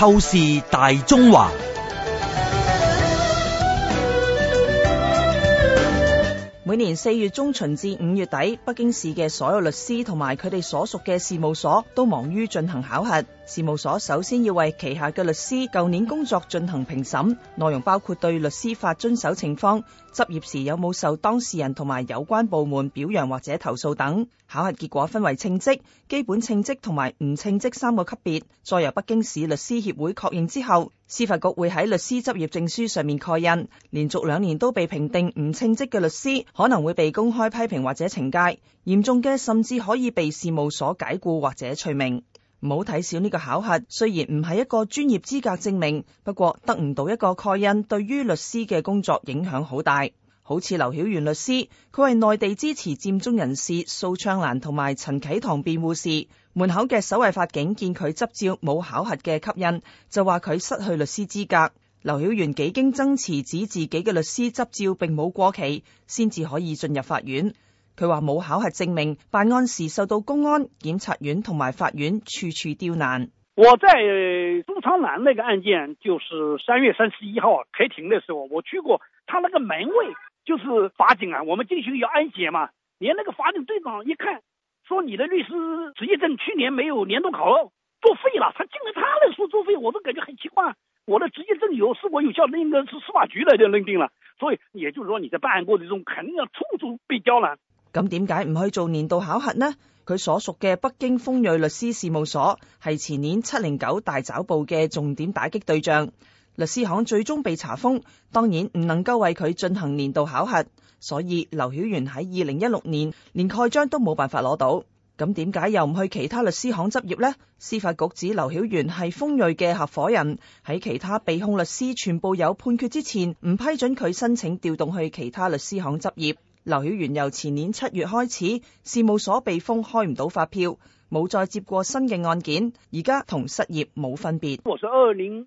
透視大中華。每年四月中旬至五月底，北京市嘅所有律師同埋佢哋所屬嘅事務所都忙於進行考核。事務所首先要為旗下嘅律師舊年工作進行評審，內容包括對律師法遵守情況、執業時有冇受當事人同埋有關部門表揚或者投訴等。考核結果分為稱職、基本稱職同埋唔稱職三個級別，再由北京市律師協會確認之後，司法局會喺律師執業證書上面蓋印。連續兩年都被評定唔稱職嘅律師，可能會被公開批評或者懲戒，嚴重嘅甚至可以被事務所解僱或者除名。唔好睇小呢個考核，雖然唔係一個專業資格證明，不過得唔到一個蓋印，對於律師嘅工作影響好大。好似劉曉元律師，佢係內地支持佔中人士蘇昌蘭同埋陳啟棠辯護時，門口嘅守衛法警見佢執照冇考核嘅吸引，就話佢失去律師資格。劉曉元幾經爭持，指自己嘅律師執照並冇過期，先至可以進入法院。佢話冇考核證明，辦案時受到公安、檢察院同埋法院處處刁難。我在蘇昌蘭那個案件，就是三月三十一號開庭嘅時候，我去過，他那個門衛。就是法警啊，我們進行要安檢嘛。連那個法警隊長一看，說你的律師執業證去年沒有年度考核，作廢了。他進了他來說作廢，我都感覺很奇怪。我的執業證有，是否有效，應該是司法局來的認定了。所以也就是說你的，你在辦案過程中肯定要處處被刁難。咁點解唔去做年度考核呢？佢所屬嘅北京豐瑞律師事務所係前年七零九大抓捕嘅重點打擊對象。律師行最終被查封，當然唔能夠為佢進行年度考核，所以劉曉元喺二零一六年連蓋章都冇辦法攞到。咁點解又唔去其他律師行執業呢？司法局指劉曉元係豐瑞嘅合夥人，喺其他被控律師全部有判決之前，唔批准佢申請調動去其他律師行執業。劉曉元由前年七月開始，事務所被封，開唔到發票，冇再接過新嘅案件，而家同失業冇分別。我二年。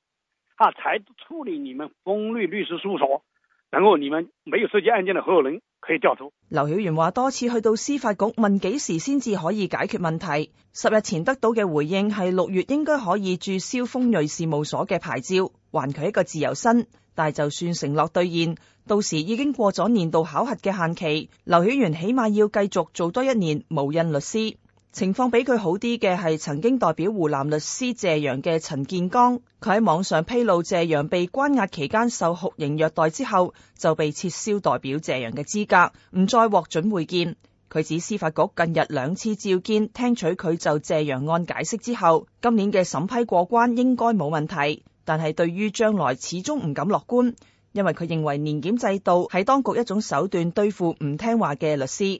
那才處理你們豐瑞律師事務所，然後你們沒有涉及案件的合伙人可以調出。劉曉源話多次去到司法局問幾時先至可以解決問題，十日前得到嘅回應係六月應該可以注銷豐瑞事務所嘅牌照，還佢一個自由身。但就算承諾兌現，到時已經過咗年度考核嘅限期，劉曉源起碼要繼續做多一年無印律師。情況比佢好啲嘅係，曾經代表湖南律師謝陽嘅陳建剛，佢喺網上披露謝陽被關押期間受酷刑虐待之後，就被撤銷代表謝陽嘅資格，唔再獲准會見。佢指司法局近日兩次召見，聽取佢就謝陽案解釋之後，今年嘅審批過關應該冇問題，但係對於將來始終唔敢樂觀，因為佢認為年檢制度係當局一種手段對付唔聽話嘅律師。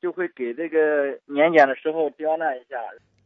就會給這個年檢的時候刁難一下。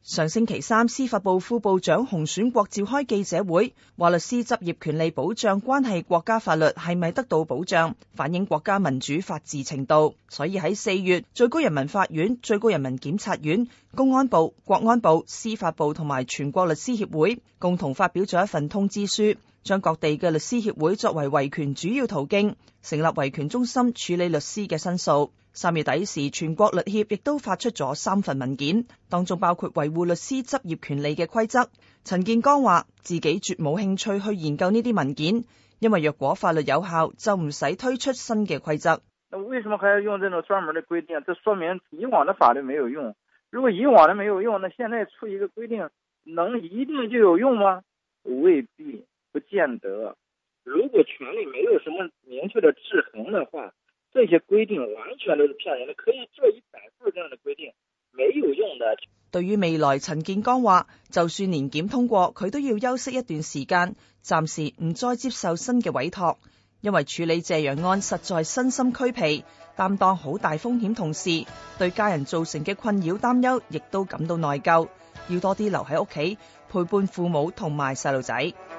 上星期三，司法部副部長洪選國召開記者會，話律師執業權利保障關係國家法律係咪得到保障，反映國家民主法治程度。所以喺四月，最高人民法院、最高人民檢察院、公安部、國安部、司法部同埋全國律師協會共同發表咗一份通知書。將各地嘅律師協會作為維權主要途徑，成立維權中心處理律師嘅申訴。三月底時，全國律協亦都發出咗三份文件，當中包括維護律師執業權利嘅規則。陳建剛話：自己絕冇興趣去研究呢啲文件，因為若果法律有效，就唔使推出新嘅規則。那為什麼還要用這種專門的規定？這說明以往的法律沒有用。如果以往都沒有用，那現在出一個規定，能一定就有用嗎？未必。不見得，如果權力沒有什麼明確的制衡的話，這些規定完全都是騙人的，可以做一百次這樣的規定，沒有用的。對於未來，陳建剛話，就算年檢通過，佢都要休息一段時間，暫時唔再接受新嘅委託，因為處理謝陽案實在身心俱疲，擔當好大風險，同時對家人造成嘅困擾擔憂，亦都感到內疚，要多啲留喺屋企陪伴父母同埋細路仔。